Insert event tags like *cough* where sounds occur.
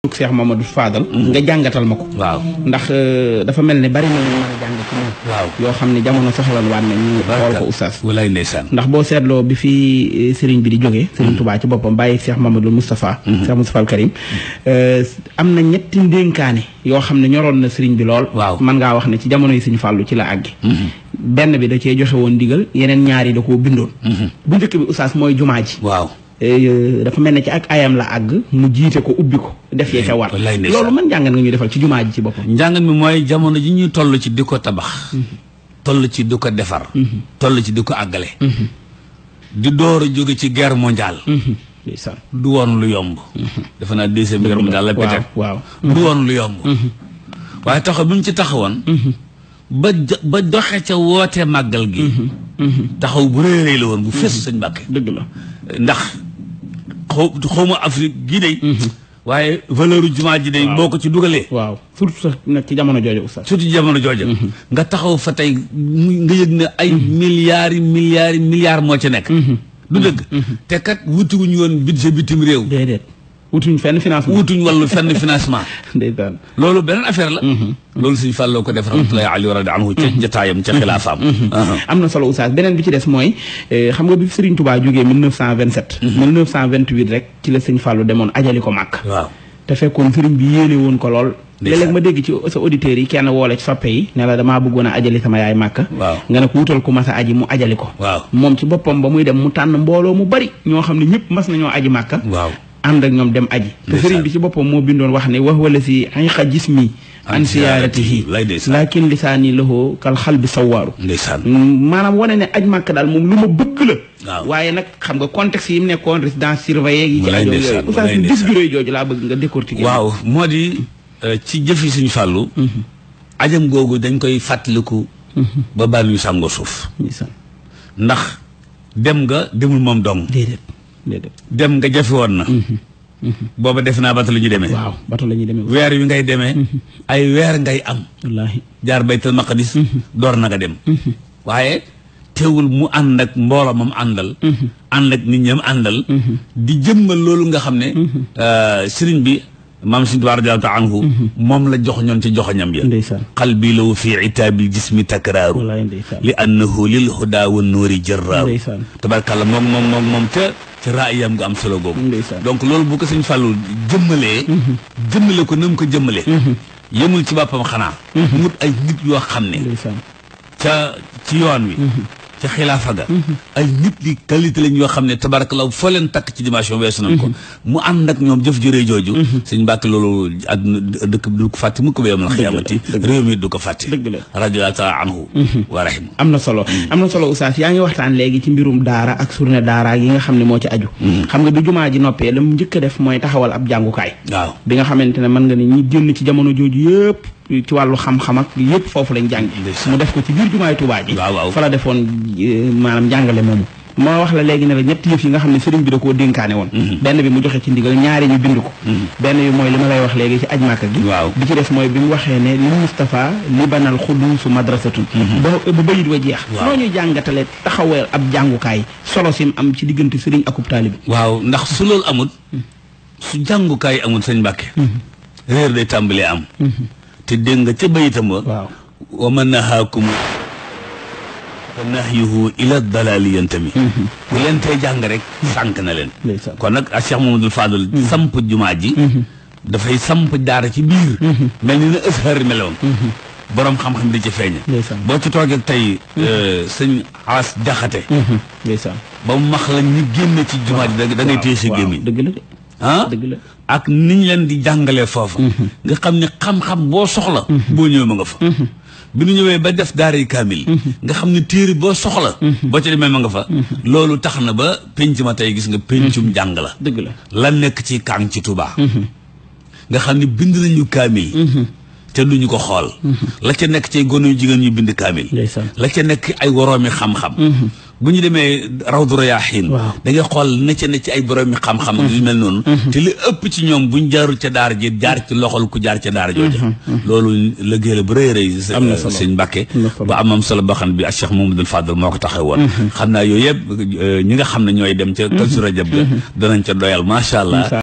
waaw Cheikh Mamadou mhm. nga jàngatal ma ko. waaw ndax euh, dafa mel ne bari yoo xam ne jamono soxlan waat na ñu xool ndax boo seetloo bi fi euh, sëriñ bi di jóge Serigne mhm. tubaa ci boppam bàyyi Cheikh Mamadou Moustapha. Mhm. Cheikh Moustapha al Karim euh, am na ñetti ndénkaane yoo xam ne ñoroon na sëriñ bi lool. mën ngaa wax ne ci jamono yi Serigne Fallou ci la àggi. benn bi da cee joxe woon ndigal yeneen ñaari yi da koo bindoon. bu njëkk bi oustaz mooy jumaa ji. Eh, dafa melni ci ak ayam la ag mu jité ko ubbi ko def ye ca war lolou man jangane nga ñu defal ci jumaaji ci bopam jangane mi moy jamono ji ñu tollu ci diko tabax mhm. tollu ci diko defar mhm. tollu ci diko agalé mhm. di door joge ci guerre mondiale du won lu yomb defe na deuxième guerre mondiale la pété waaw du won lu yomb waaye taxaw buñ ci taxawon ba ba doxé ca woote magal gi taxaw bu rëy rëy la bu fess señ mbacké deug la ndax xaw xaw ma Afrique gii day mhm. waaye valeur u jumaa ji de boo ko ci dugalee waaw surtout sax nag ci jamono jooja oustaz surtout ci jamono jooja mhm. nga taxaw fa tey nga yëg ne ay mhm. milliards yi milliards moo ci nekk du dëgg te kat wutiwuñu woon budget bitim réew déedéet wutuñ fenn financement wutuñ wàllu fenn *laughs* loolu beneen affaire la. Mhm. loolu suñu fàlloo ko def rahmatullahi alayhi radi anhu ca mhm. jataayam ca mhm. xilaafaam. Ah. am na solo oustaz beneen bi ci des mooy eh, xam nga bi Serigne Touba jógee 1927. 1928 rek ci la sëñ Fallou demoon ajali ko màkk. waaw te fekkoon Serigne bi yéene woon ko lool. léeg-léeg ma dégg ci sa auditeurs yi kenn woole ci soppe yi ne la damaa a ajali sama yaay màkk waaw nga ne ko wutal ku mas aji mu ajali ko waaw moom ci ba muy dem mu tànn mbooloo mu bari ñoo xam ne ñëpp mas nañoo aji màkk waaw ànd ak ñoom dem aji te sëriñ bi ci boppam moo bindoon wax ne wax wala si anqa gis mi an siyaaratihi laakin lisaani lahu kal xal bi sawaaru maanaam wane ne aj màkk daal moom lu ma bëgg la waaye nag xam nga context yi mu nekkoon résidence surveillée yi ci ajo yooyu jooju laa bëgg nga décortiquer waaw moo di euh, ci jëfi suñu fàllu mhm. ajam googu dañ koy fàttaliku mhm. ba bàyyi ñu sàngoo suuf ndax dem nga demul moom dong dem nga jafe woon na mhm. Mhm. booba def naa bato la ñu demee waaw la ñuy demee weer yu ngay demee mhm. ay weer ngay am wallaahi jaar baytal maqadis door na nga dem waaye teewul mu ànd ak mbooloo moom àndal ànd ak nit ñam àndal di jëmmal loolu nga xam ne euh, sëriñ bi maam Sëriñ Tuubaa radiyallaahu taala moom la jox ñoom joxoñam ya qalbi law fi itaabil jismi takraaru li annahu lil hudaa wa nuuri jarraaru tabarkàlla moom moom moom moom te ci raayam nga am solo googu donc loolu bu ko sëñ Fallou jëmmalee mm-hmm. jëmmale ko na ko jëmmalee mm-hmm. yëmul ci boppam xanaa mut mm-hmm. ay nit yoo xam ne ca ci yoon wi ca xilaafa ga mm-hmm. ay nit li qualité lañ yoo xam ne tabarakallah foo leen takk ci dimension weesu nañ ko mm-hmm. mu ànd ak ñoom jëf jëree jooju mm-hmm. sëñ Mbàkke loolu àdduna dëkk bi ko fàtte mukk ba la xiyaamati réew mi du ko fàtte dëgg la radiyallahu taala anhu wa am na solo am na solo oustaz yaa ngi waxtaan léegi ci mbirum daara ak surne daara yi nga xam ne moo ci aju xam nga du jumaa ji noppee la mu njëkk a def mooy taxawal ab jàngukaay waaw bi nga xamante ne mën nga ne ñi génn ci jamono jooju yëpp ci wàllu xam-xam ak yëpp foofu lañ jàng mu def ko ci biir jumaay Tuubaa ji fa la defoon eh, maanaam jàngale moomu ma wax la léegi ne la ñetti yëf yi nga xam ne sëriñ bi da koo dénkaane woon mhm. benn bi mu joxe ci ndigal ñaari ñu bind ko mhm. benn bi mooy li ma lay wax léegi ci aj màkka gi bi ci des mooy bi mu waxee ne li Moustapha li banal xuduusu madrasatun mhm. ba ba bayit wa jeex noo ñu jàngatale taxawee ab jàngukaay solo si sim am ci diggante sëriñ akub taalibi waaw ndax su amul su jàngukaay amul sëñ Mbàkke réer day tàmbalee am te dégg nga ca bayitam wa waaw wa ma nahaakum fa nahyuhu ila dalali yantami mm-hmm. bu leen tee jàng rek sànq na leen kon nag a Cheikh Mamadou Fadal mm-hmm. samp jumaa ji mm-hmm. dafay samp jaar ci biir mel ni na ëshar meloon borom xam-xam di ci feeñe boo ci toogee tey euh, sëñ aas jaxate ba mu max la ñu génn ci jumaa ji da ngay gémmiñ ah ak niñ leen di jàngalee foofa mm-hmm. nga xam ne xam-xam boo soxla mm-hmm. boo ñëwee ma nga fa mm-hmm. bi ñu ñëwee ba def daara kaamil nga xam ne téere boo soxla boo ca demee ma nga fa loolu tax na ba pénc ma tey gis nga péncum jàng la dëgg la la nekk ci kàng ci Tuubaa nga xam ne bind nañu kaamil te duñu ko xool la ca nekk ci gone yu jigéen ñu bind kaamil la ca nekk ay woroomi xam-xam bu ñu demee rawdu rayaaxiin da ngay xool ne ca ne ci ay boroomi xam-xam ak yu mel noonu mm-hmm. te li ëpp ci ñoom buñ jaarul ca daar ji jaar ci loxol ko jaar ca daar jooja mm-hmm. Mm-hmm. loolu liggéey la bu rëy rëy sëñ Mbàkke bu amam solo ba xam bi ak Cheikh Mamadou Fadal moo ko taxee woon xam naa yooyu yëpp ñi nga xam ne ñooy dem ca Kazu Rajab bi danañ ca doyal macha allah